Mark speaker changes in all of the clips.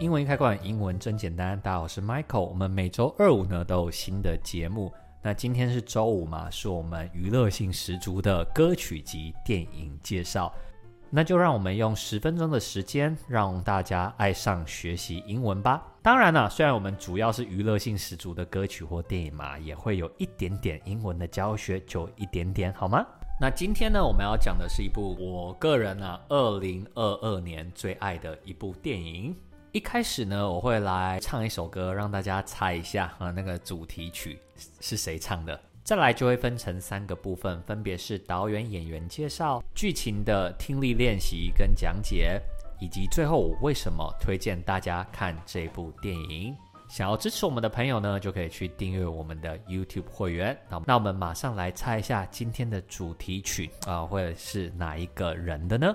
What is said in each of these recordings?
Speaker 1: 英文易開罐，英文真簡單。大家好，我是 Michael。我們每週二五呢都有新的節目。那今天是週五嘛，是我們娛樂性十足的歌曲及電影介紹。那就讓我們用十分鐘的時間，讓大家愛上學習英文吧。當然啦、啊，雖然我們主要是娛樂性十足的歌曲或電影嘛，也會有一點點英文的教學，就一點點，好嗎？那今天呢，我們要講的是一部我個人呢二零二二年最愛的一部電影。一開始呢，我會來唱一首歌，讓大家猜一下啊，那個主題曲是誰唱的。再來就會分成三個部分，分別是導演、演員介紹、劇情的聽力練習跟講解，以及最後我為什麼推薦大家看這部電影。想要支持我們的朋友呢，就可以去訂閱我們的 YouTube 會員。那那我們馬上來猜一下今天的主題曲啊，會是哪一個人的呢？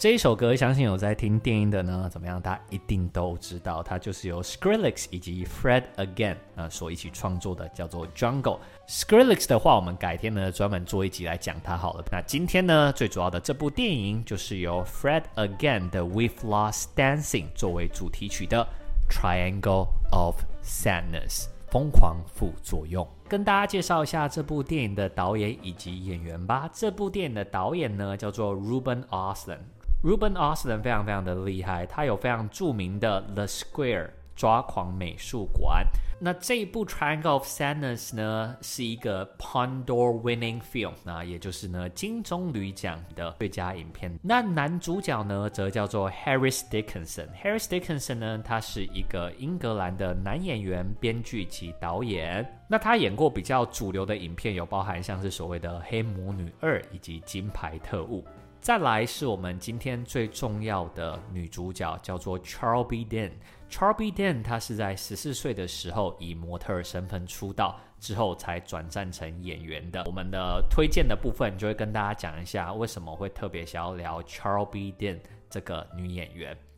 Speaker 1: 這一首歌，相信有在聽電音的呢，怎麼樣？大家一定都知道，它就是由 Skrillex 以及 Fred Again 啊、呃、所一起創作的，叫做 Jungle。Skrillex 的話，我們改天呢專門做一集來講它好了。那今天呢，最主要的這部電影就是由 Fred Again 的 We've Lost Dancing 作為主題曲的 Triangle of Sadness 瘋狂副作用。跟大家介紹一下這部電影的導演以及演員吧。這部電影的導演呢叫做 Ruben Östlund Ruben Östlund 非常非常的厲害，他有非常著名的 The Square 抓狂美術館。那這一部 Triangle of Sadness 呢是一個 Palme d'Or Winning Film，那也就是呢金棕櫚獎的最佳影片。那男主角呢則叫做 Harris Dickinson。Harris Dickinson 呢，他是一個英格蘭的男演員、編劇及導演。那他演過比較主流的影片，有包含像是所謂的黑魔女二以及金牌特務。再來是我們今天最重要的女主角，叫做 Charlbi Dean。Charlbi Dean 她是在十四歲的時候以模特兒身份出道，之後才轉戰成演員的。我們的推薦的部分就會跟大家講一下，為什麼會特別想要聊 Charlbi Dean 這個女演員。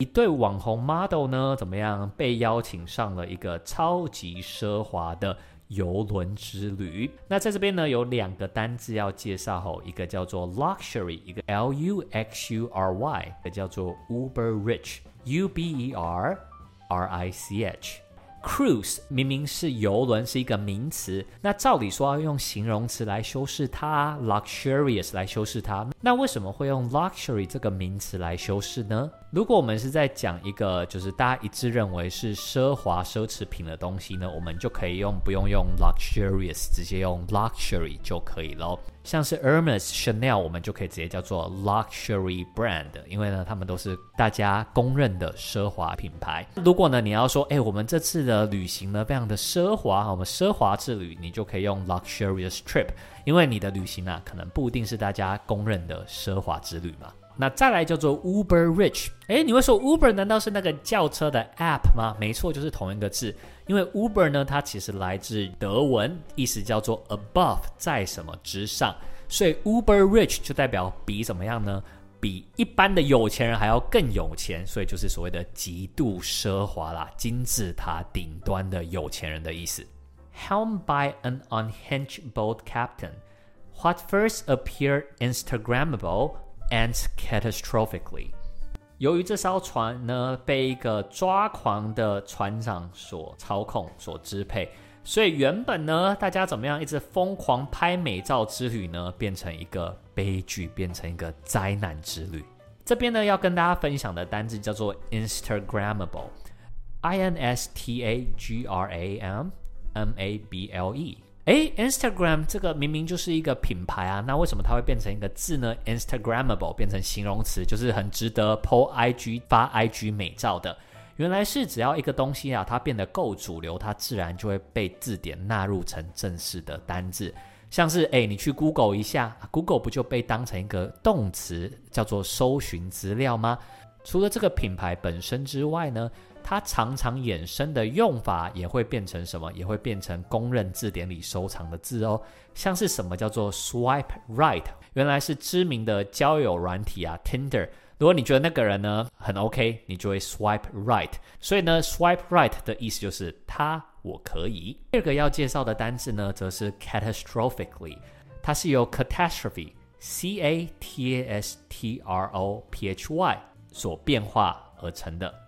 Speaker 1: 一對網紅 model 呢，怎麼樣被邀請上了一個超級奢華的郵輪之旅？那在這邊呢，有兩個單字要介紹哦，一個叫做 luxury，一個 l u x u r y，一個叫做 uber rich，u b e r r i c h。cruise 明明是遊輪，是一個名詞，那照理說要用形容詞來修飾它，luxurious 來修飾它，那為什麼會用 luxury 這個名詞來修飾呢？如果我們是在講一個就是大家一致認為是奢華奢侈品的東西呢，我們就可以用不用用 luxurious，直接用 luxury 就可以咯。像是 Hermès、Chanel，我們就可以直接叫做 luxury brand，因為呢，他們都是大家公認的奢華品牌。如果呢，你要說，哎、欸，我們這次的旅行呢，非常的奢華，我們奢華之旅，你就可以用 luxurious trip，因為你的旅行呢、啊，可能不一定是大家公認的奢華之旅嘛。那再來叫做 Uber Rich，哎，你會說 Uber 難道是那個叫車的 App 嗎？沒錯，就是同一個字。因為 Uber 呢，它其實來自德文，意思叫做 above，在什麼之上，所以 Uber Rich 就代表比怎麼樣呢？比一般的有錢人還要更有錢，所以就是所謂的極度奢華啦，金字塔頂端的有錢人的意思。Helmed by an unhinged boat captain, what first appeared Instagrammable, And catastrophically，由於這艘船呢，被一個抓狂的船長所操控、所支配，所以原本呢大家怎麼樣一直瘋狂拍美照之旅呢，變成一個悲劇，變成一個災難之旅。這邊呢要跟大家分享的單詞叫做 Instagrammable，I N S T A G R A M M A B L E。欸，Instagram 這個明明就是一個品牌啊，那為什麼它會變成一個字呢？Instagramable 變成形容詞，就是很值得 PO IG 發 IG 美照的。原來是只要一個東西啊，它變得夠主流，它自然就會被字典納入成正式的單字。像是，欸，你去 Google 一下，Google 不就被當成一個動詞，叫做搜尋資料嗎？除了這個品牌本身之外呢，它常常衍生的用法也會變成什麼？也會變成公認字典裡收藏的字哦。像是什麼叫做 swipe right？原來是知名的交友軟體啊，Tinder。如果你覺得那個人呢很 OK，你就會 swipe right。所以呢，swipe right 的意思就是他我可以。第二個要介紹的單字呢，則是 catastrophically，它是由 catastrophe（c a t a s t r o p h y） 所變化而成的。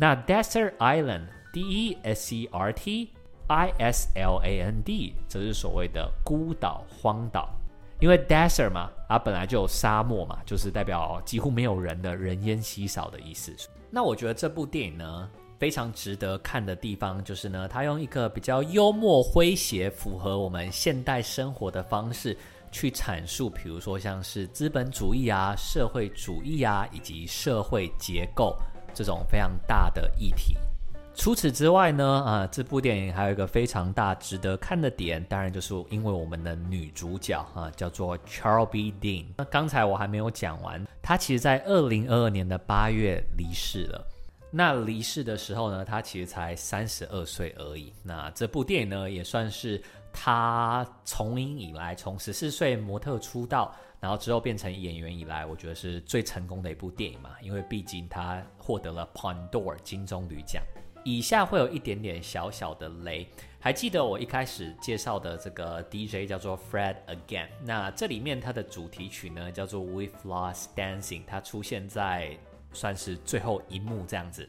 Speaker 1: 那 Desert Island，D-E-S-E-R-T-I-S-L-A-N-D，就 -E -E、是所謂的孤島、荒島。因為 Desert 嘛，啊，本來就有沙漠嘛，就是代表幾乎沒有人的人煙稀少的意思。那我覺得這部電影呢，非常值得看的地方，就是呢，它用一個比較幽默、詼諧、符合我們現代生活的方式去闡述，比如說像是資本主義啊、社會主義啊，以及社會結構。這種非常大的議題。除此之外呢，啊，這部電影還有一個非常大值得看的點，當然就是因為我們的女主角啊，叫做 Charlbi Dean。那剛才我還沒有講完，她其實，在二零二二年的八月離世了。那離世的時候呢，她其實才三十二歲而已。那這部電影呢，也算是。他從影以來，從十四歲模特出道，然後之後變成演員以來，我覺得是最成功的一部電影嘛，因為畢竟他獲得了 Palme d'Or 金棕櫚獎。以下會有一點點小小的雷，還記得我一開始介紹的這個 DJ 叫做 Fred Again，那這裡面它的主題曲呢叫做 We've Lost Dancing，它出現在算是最後一幕這樣子。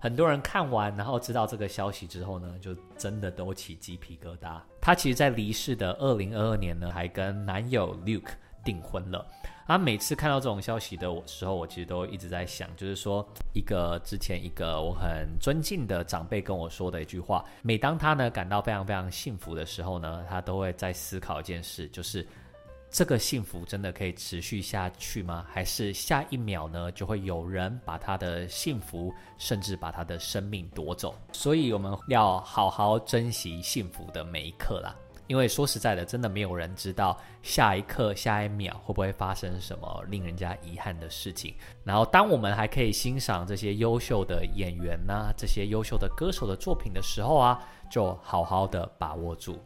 Speaker 1: 很多人看完，然後知道這個消息之後呢，就真的都起雞皮疙瘩。她其實，在離世的二零二二年呢，還跟男友 Luke 訂婚了。啊，每次看到這種消息的時候，我其實都一直在想，就是說一個之前一個我很尊敬的長輩跟我說的一句話：每當他呢感到非常非常幸福的時候呢，他都會在思考一件事，就是。這個幸福真的可以持續下去嗎？還是下一秒呢，就會有人把他的幸福，甚至把他的生命奪走？所以我們要好好珍惜幸福的每一刻啦。因為說實在的，真的沒有人知道下一刻、下一秒會不會發生什麼令人家遺憾的事情。然後，當我們還可以欣賞這些優秀的演員吶、啊、這些優秀的歌手的作品的時候啊，就好好的把握住。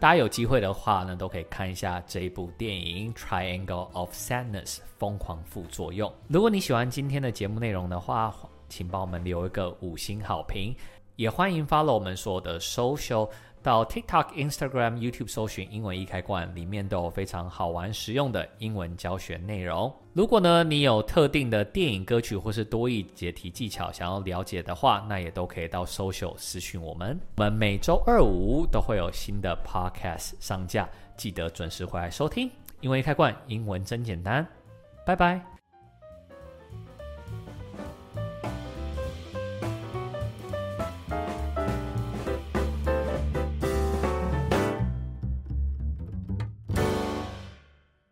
Speaker 1: 大家有機會的話呢，都可以看一下這一部電影《Triangle of Sadness》瘋狂副作用。如果你喜歡今天的節目內容的話，請幫我們留一個五星好評，也歡迎 Follow 我們所有的 social。到 TikTok、Instagram、YouTube 搜尋“英文易開罐”，裡面都有非常好玩實用的英文教學內容。如果呢你有特定的電影歌曲或是多益解題技巧想要了解的話，那也都可以到 s o social 私訊我們。我們每周二五都會有新的 Podcast 上架，記得準時回來收聽。英文易開罐，英文真簡單。拜拜。